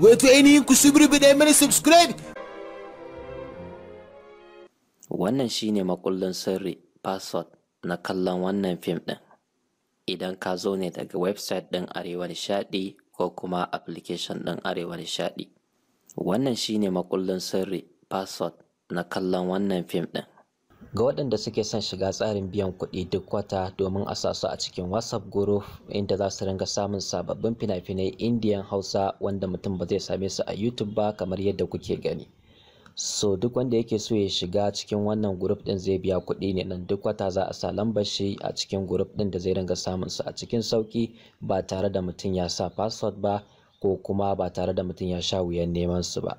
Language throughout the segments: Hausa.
wato ainihin ku subrubida mana subscribe wannan shine makullin sirri password na kallon wannan fim din idan ka zo ne daga website din arewa nishadi ko kuma application din arewa nishadi wannan shine makullin sirri password na kallon wannan fim din ga waɗanda suke son shiga tsarin biyan kuɗi duk wata domin a su a cikin whatsapp group inda za su ringa samun sababbin fina-finai indian hausa wanda mutum ba zai same su a youtube ba kamar yadda kuke gani so duk wanda yake so ya shiga cikin wannan group din zai biya kuɗi ne nan duk wata za a sa lambashi a cikin group din da zai ringa samun su a cikin sauki ba tare da mutum ya sa password ba ko kuma ba tare da mutum ya sha wuyan neman su ba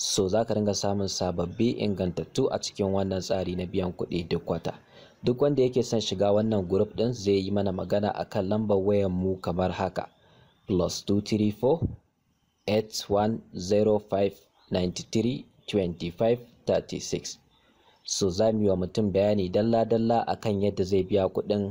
so za ka ringa samun sababbi ingantattu a cikin wannan tsari na biyan kuɗi duk wata duk wanda yake son shiga wannan group ɗin zai yi mana magana akan lambar wayan mu kamar haka plus 234 8105 93 25 36 so za mu yi wa mutum bayani dalla-dalla akan yadda zai biya kuɗin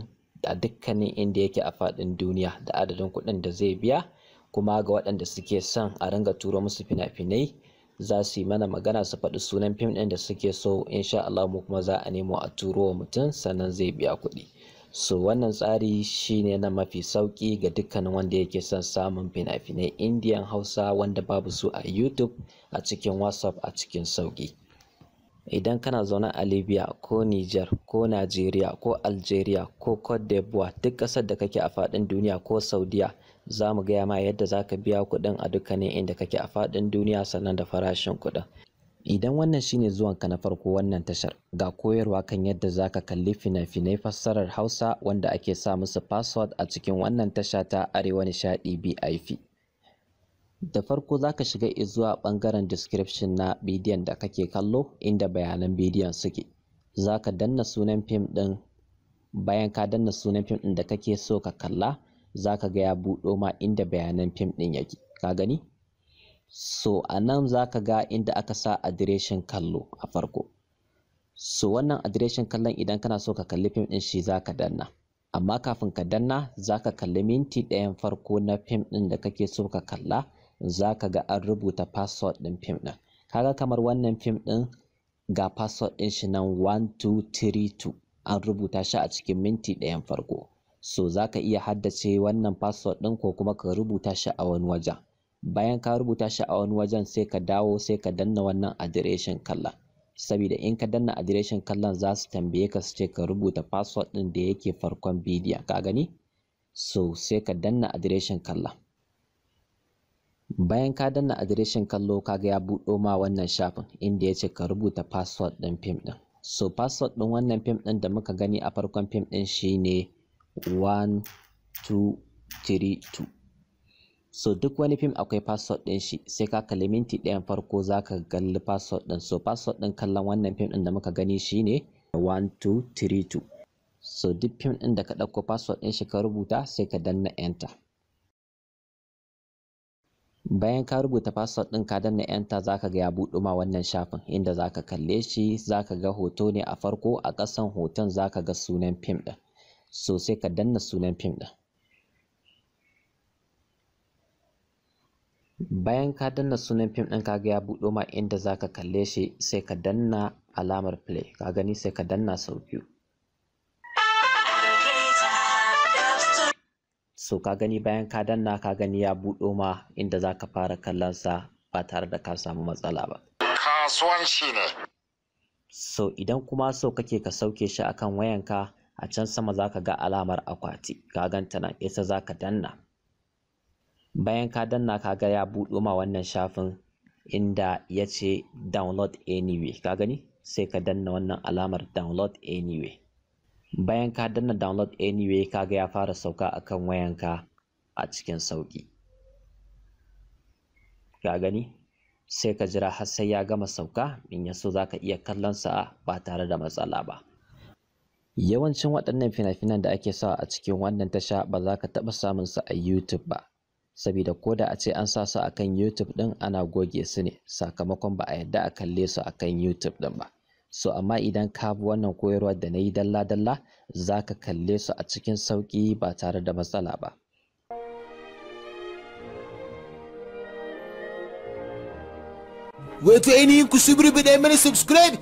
a dukkanin inda yake a faɗin duniya da adadin kuɗin da zai biya kuma ga waɗanda suke son a ringa turo musu fina-finai za su yi mana magana su faɗi sunan fim ɗin da suke so sha Allah mu kuma za a nemo a turo wa mutum sannan zai biya kuɗi so wannan tsari shine na mafi sauki ga dukkanin wanda yake son samun fina-finai indian hausa wanda babu su a youtube a cikin whatsapp a cikin sauki idan kana zaune a libya ko niger ko nigeria ko algeria ko cote d'ivoire duk ƙasar da kake a faɗin duniya ko saudiya za mu gaya ma yadda za ka biya kuɗin a dukkanin inda kake a faɗin duniya sannan da farashin kuɗin idan wannan shine zuwanka na farko wannan tashar ga koyarwa kan yadda za ka kalli fina-finai fassarar hausa wanda ake sa musu password a cikin wannan tasha ta arewa nishaɗi bif da farko za ka shiga zuwa ɓangaren description na bidiyon da kake kallo inda bayanan bidiyon suke za ka danna sunan fim ɗin bayan ka danna sunan fim ɗin da kake so ka kalla zaka ga ya buɗo ma inda bayanan fim ɗin yake ka gani so a nan za ga inda aka sa adireshin kallo a farko so wannan adireshin kallon idan kana so ka kalli fim ɗin shi za danna amma kafin ka danna zaka kalli minti ɗayan farko na fim ɗin da kake so ka kalla zaka ga an rubuta password ɗin fim ɗin kaga kamar wannan fim ɗin ga password ɗin shi nan 1232 an rubuta shi a cikin minti ɗayan farko so za ka iya haddace wannan password ɗin ko kuma ka rubuta shi a wani wajen bayan ka rubuta shi a wani wajen sai ka dawo sai ka danna wannan adireshin kallon saboda in ka danna adireshin kallon za su tambaye ka su ce ka rubuta password ɗin da yake farkon bidiyo ka gani so sai ka danna adireshin kallon bayan ka danna adireshin kallo kaga ya buɗo ma wannan shafin inda ya ce ka rubuta password ɗin fim ɗin so password ɗin wannan fim ɗin da muka gani a farkon fim ɗin shine one so duk wani fim akwai password ɗin shi sai ka kalli minti ɗayan farko za ka galli password din so password din kallon wannan fim ɗin da muka gani shine one two so duk fim ɗin da ka ɗauko password ɗin shi ka rubuta sai ka danna enter bayan ka rubuta password ɗin ka danna enter ka ga ya buɗu ma wannan shafin inda za ka kalle shi za ka ga hoto ne a farko a ƙasan hoton za ka ga sunan fim ɗin so sai ka danna sunan fim ɗin bayan ka danna sunan fim ɗin kaga ya buɗo ma inda zaka kalle shi sai ka danna alamar play ka gani sai ka danna sau biyu so ka gani bayan ka danna ka gani ya buɗo ma inda zaka fara kallon sa ba tare da ka samu matsala ba kasuwanci ne so idan kuma so kake ka sauke shi akan wayanka a can sama zaka ga alamar akwati ka ganta nan ita zaka danna bayan ka danna kaga ya buɗo ma wannan shafin inda ya ce download anyway ka gani sai ka danna wannan alamar download anyway bayan ka danna download anyway kaga ya fara sauka a kan wayanka a cikin sauki ka gani sai ka jira har sai ya gama sauka in ya so za ka iya kallon sa ba tare da matsala ba Yawancin waɗannan fina-finan da ake sa a cikin wannan tasha ba za ka taɓa samun su a YouTube ba, saboda ko da a ce an sa su a kan YouTube ɗin ana goge su ne sakamakon ba a yadda a kalle su a kan YouTube ɗin ba. So amma idan ka bi wannan koyarwa da na yi dalla-dalla za ka kalle su a cikin sauƙi ba tare da matsala ba. Wato ku subscribe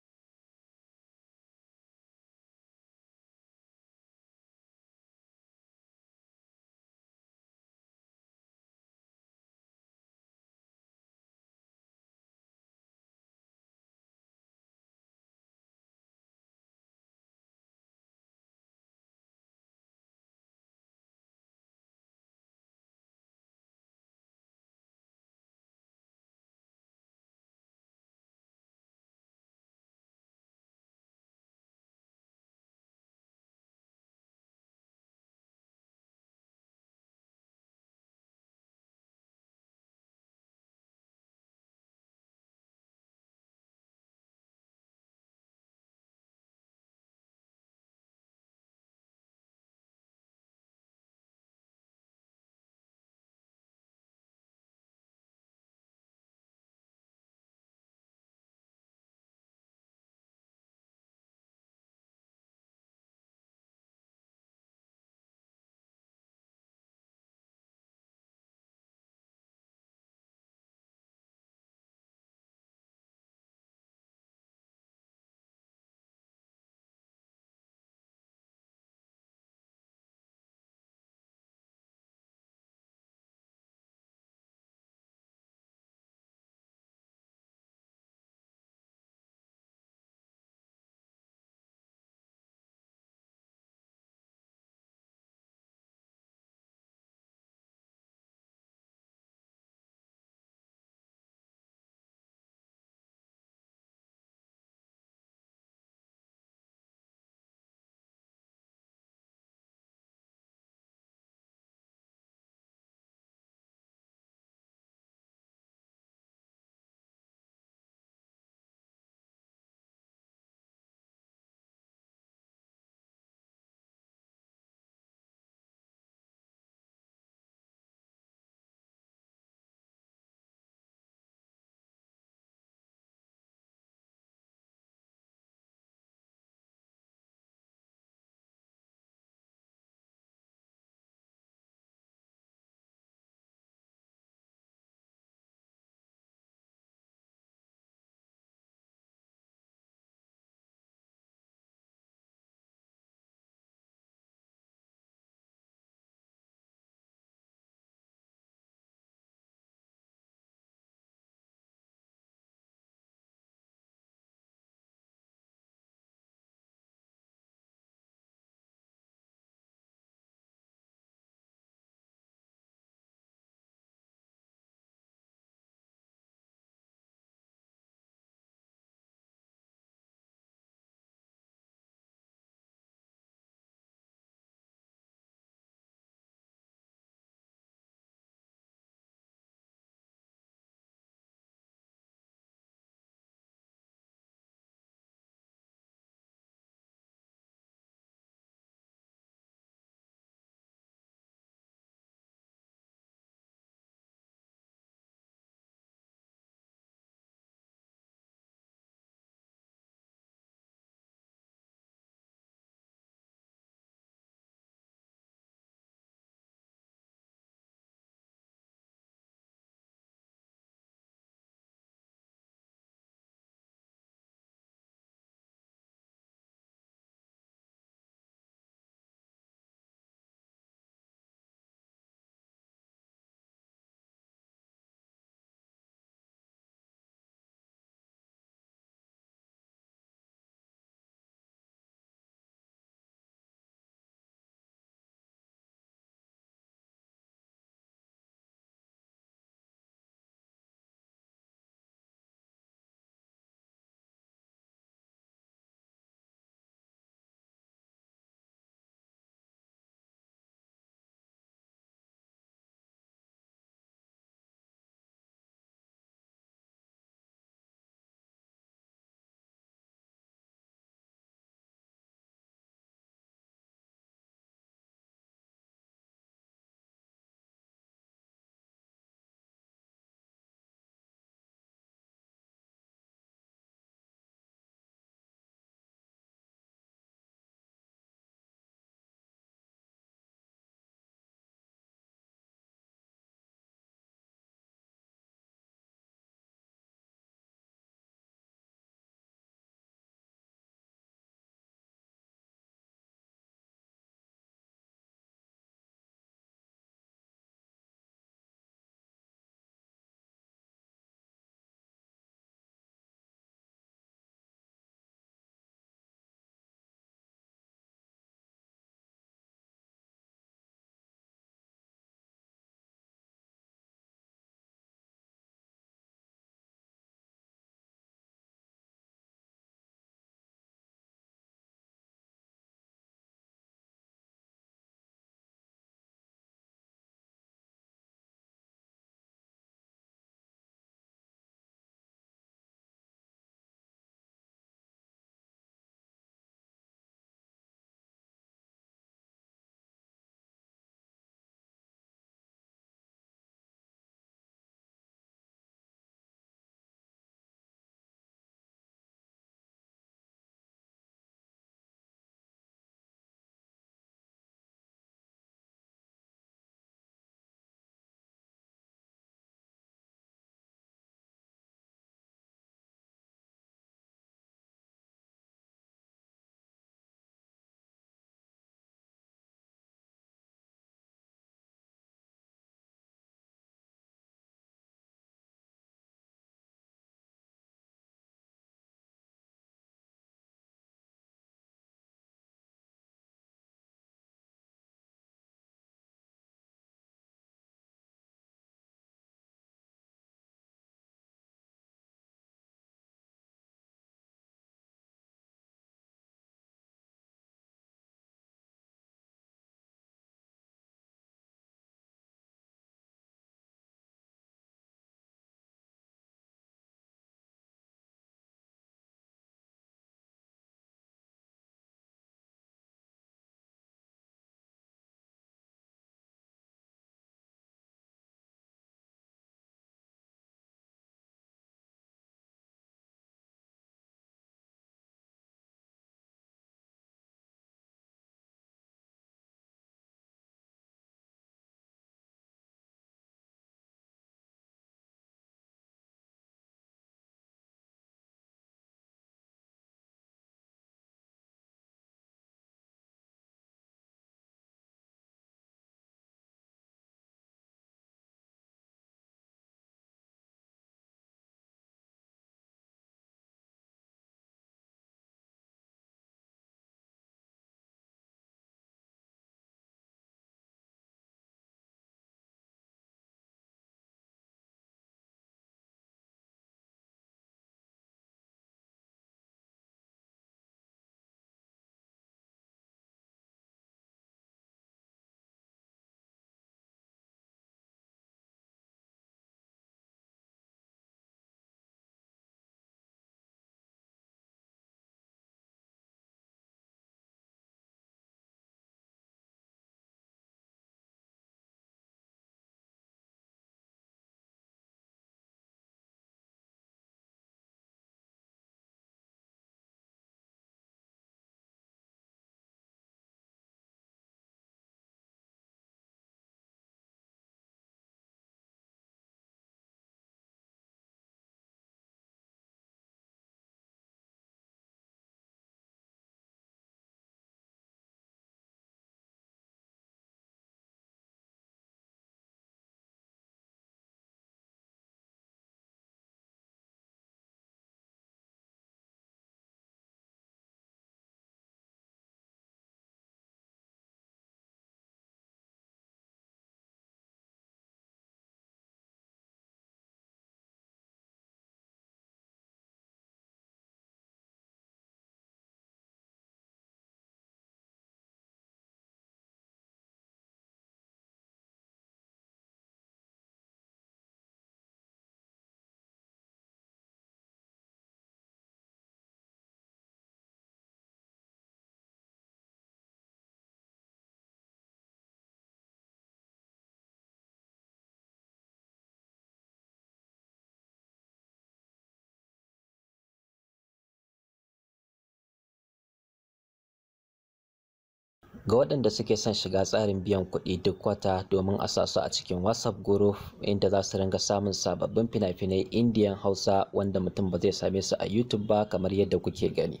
ga waɗanda suke son shiga tsarin biyan kuɗi duk wata domin a sa su a cikin whatsapp group inda za su ringa samun sababbin fina-finai indian hausa wanda mutum ba zai same su a youtube ba kamar yadda kuke gani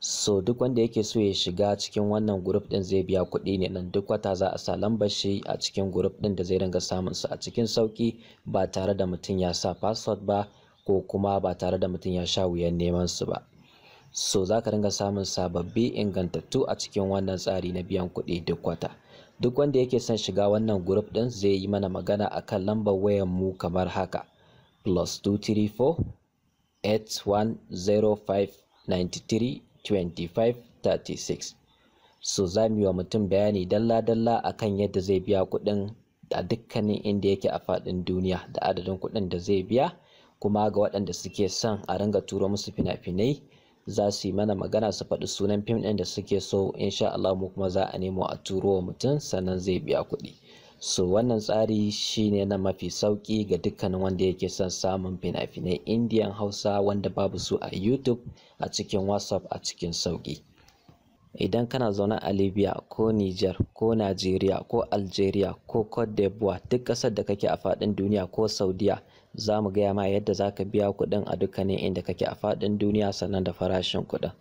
so duk wanda yake so ya shiga cikin wannan group din zai biya kuɗi ne nan duk wata za a sa lambashi a cikin group din da zai ringa samun su a cikin sauki ba tare da mutum ya sa password ba ko kuma ba tare da mutum ya sha wuyan neman su ba so za ka ringa samun sababbi ingantattu a cikin wannan tsari na biyan kuɗi duk wata duk wanda yake son shiga wannan group ɗin zai yi mana magana akan lambar wayan mu kamar haka plus 234 8105 93 25 36 so za mu yi wa mutum bayani dalla-dalla akan yadda zai biya kuɗin a dukkanin inda yake a faɗin duniya da adadin kuɗin da zai biya kuma ga waɗanda suke son a ringa turo musu fina-finai za su yi mana magana su faɗi sunan fim ɗin da suke so insha Allah mu kuma za a nemo a turo wa mutum sannan zai biya kuɗi so wannan tsari shine na mafi sauki ga dukkanin wanda yake son samun fina-finai indian hausa wanda babu su a youtube a cikin whatsapp a cikin sauƙi. idan kana zaune a libya ko niger ko nigeria ko algeria ko cote d'ivoire duk ƙasar da kake a faɗin duniya ko saudiya za mu gaya ma yadda za ka biya kuɗin a dukkanin inda kake a faɗin duniya sannan da farashin kuɗin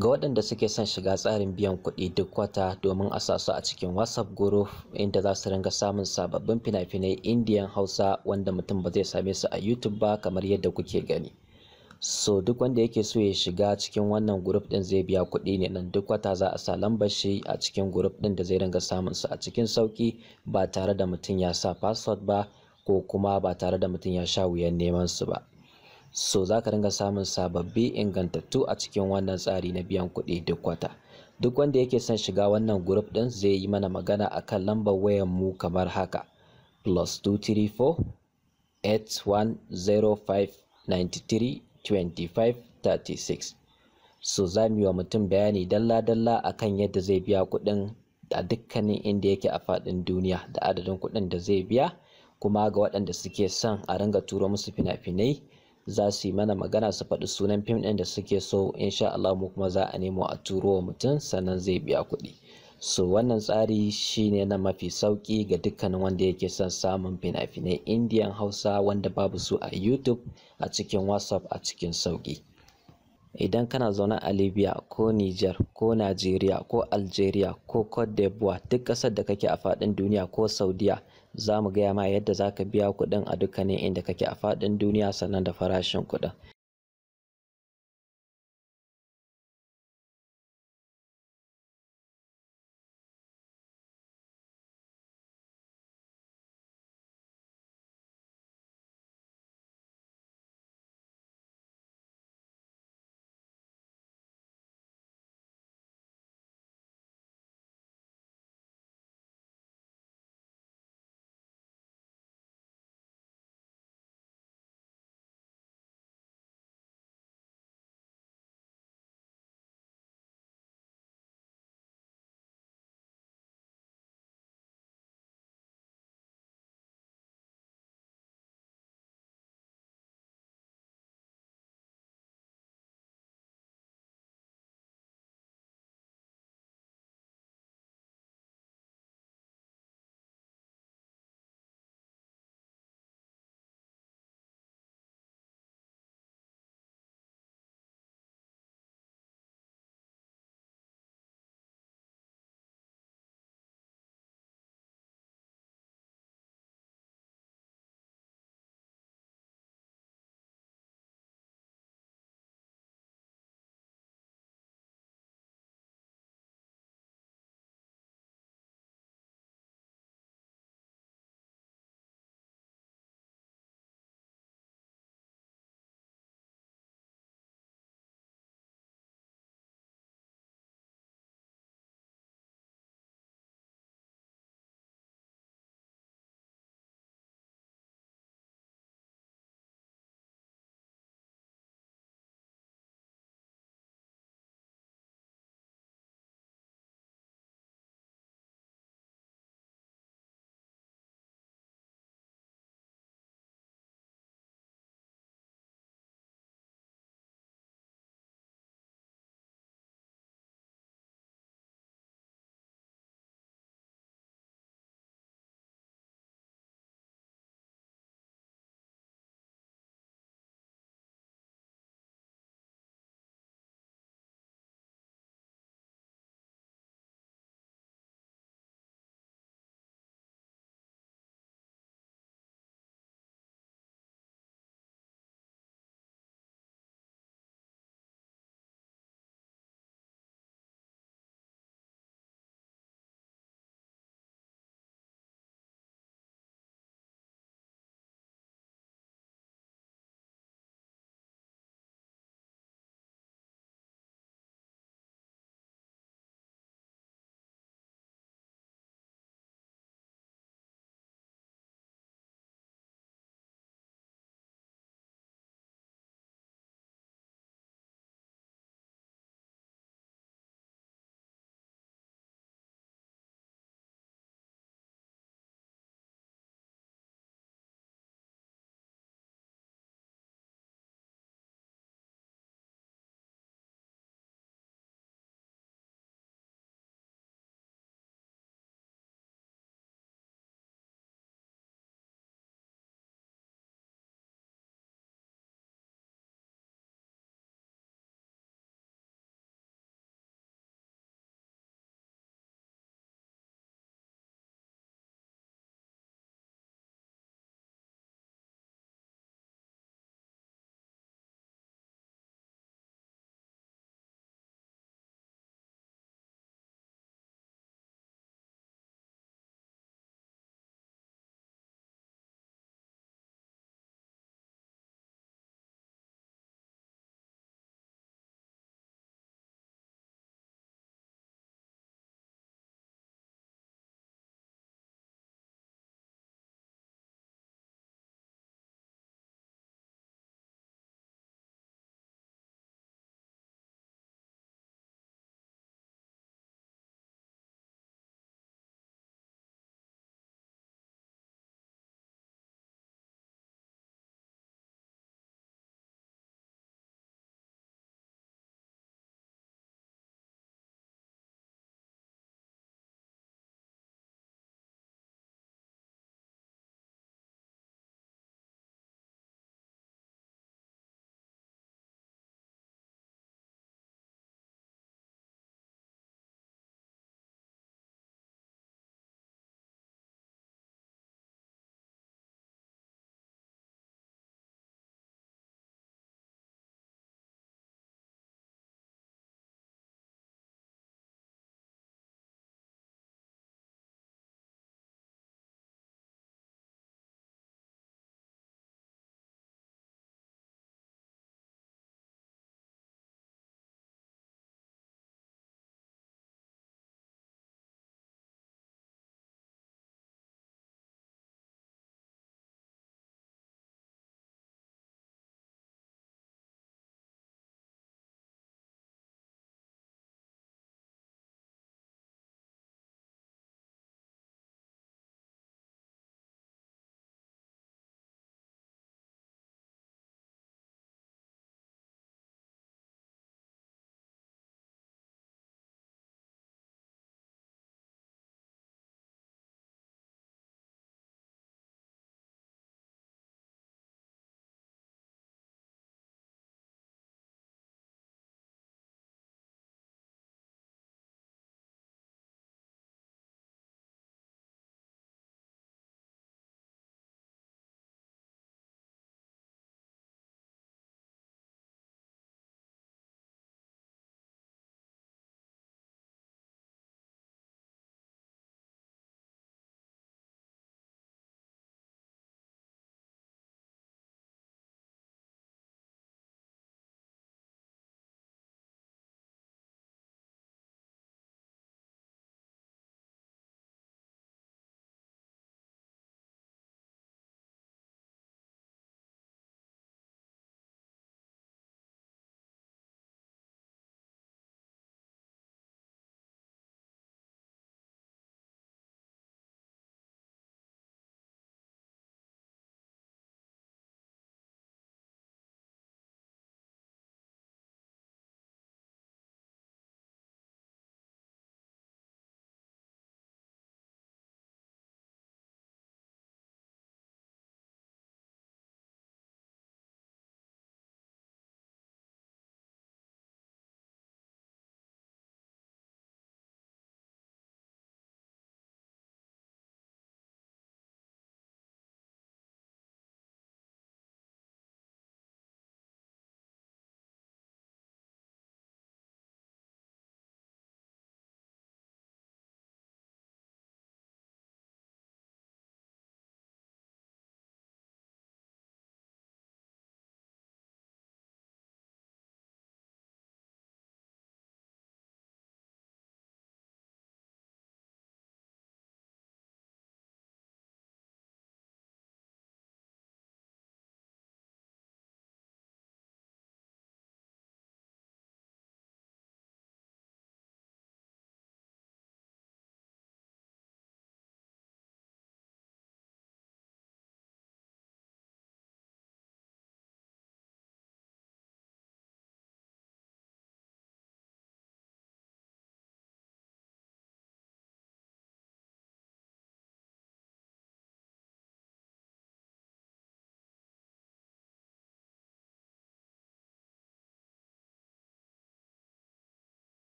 ga waɗanda suke son shiga tsarin biyan kuɗi duk wata domin a sa su a cikin whatsapp group inda za su ringa samun sababbin fina-finai indian hausa wanda mutum ba zai same su a youtube ba kamar yadda kuke gani so duk wanda yake so ya shiga cikin wannan group din zai biya kuɗi ne nan duk wata za a sa lambar shi a cikin group din da zai ringa samun su a cikin sauki ba tare da mutum ya sa password ba ko kuma ba tare da mutum ya sha wuyan neman su ba so za ka ringa samun sababbi ingantattu a cikin wannan tsari na biyan kuɗi duk wata duk wanda yake son shiga wannan group ɗin zai yi mana magana akan lambar wayan mu kamar haka plus 234 8105 93 25 36 so za mu yi wa mutum bayani dalla-dalla akan yadda zai biya kuɗin a dukkanin inda yake a faɗin duniya da adadin kuɗin da zai biya kuma ga waɗanda suke son a ringa turo musu fina-finai za su yi mana magana su faɗi sunan fim ɗin da suke so insha Allah mu kuma za a nemo a turo wa mutum sannan zai biya kuɗi so wannan tsari shine na mafi sauki ga dukkanin wanda yake son samun fina-finai indian hausa wanda babu su a youtube a cikin whatsapp a cikin sauƙi. idan kana zaune a libya ko niger ko nigeria ko algeria ko cote d'ivoire duk ƙasar da kake a faɗin duniya ko saudiya za mu gaya ma yadda za ka biya kuɗin a dukkanin inda kake a faɗin duniya sannan da farashin kuɗin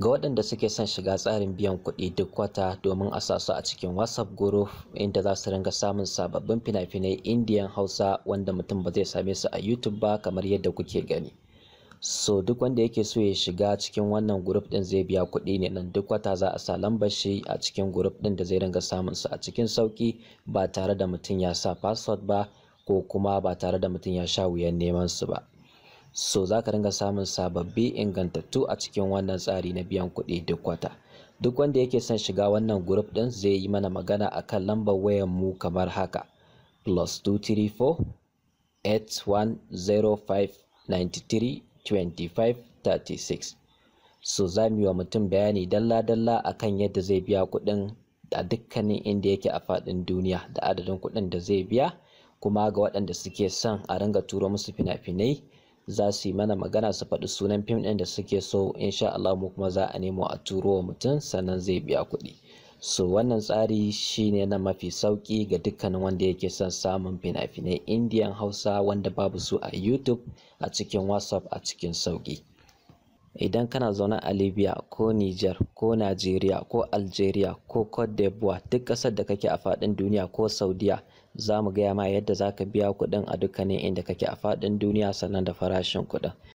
ga waɗanda suke son shiga tsarin biyan kuɗi duk wata domin a sa su a cikin whatsapp group inda za su ringa samun sababbin fina-finai indiyan hausa wanda mutum ba zai same su a youtube ba kamar yadda kuke gani so duk wanda yake so ya shiga cikin wannan group din zai biya kuɗi ne nan duk wata za a sa lambashi a cikin group din da zai ringa samun su a cikin sauki ba tare da mutum ya sa password ba ko kuma ba tare da mutum ya sha wuyan neman su ba so za ka ringa samun sababbi ingantattu a cikin wannan tsari na biyan kuɗi duk wata duk wanda yake son shiga wannan group din zai yi mana magana akan lambar wayan mu kamar haka plus 234 8105 93 25 36 so za mu yi wa mutum bayani dalla-dalla akan yadda zai biya kuɗin a dukkanin inda yake a faɗin duniya da adadin kuɗin da zai biya kuma ga waɗanda suke son a ringa turo musu fina-finai za su yi mana magana su faɗi sunan fim ɗin da suke so insha Allah mu kuma za a nemo a turo wa mutum sannan zai biya kuɗi so wannan tsari shine na mafi sauƙi ga dukkanin wanda yake son samun fina-finai indian hausa wanda babu su a youtube a cikin whatsapp a cikin sauƙi idan kana zaune a libya ko niger ko nigeria ko algeria ko cote d'ivoire duk ƙasar da kake a faɗin duniya ko saudiya za mu gaya ma yadda za ka biya kuɗin a dukkanin inda kake a faɗin duniya sannan da farashin kuɗin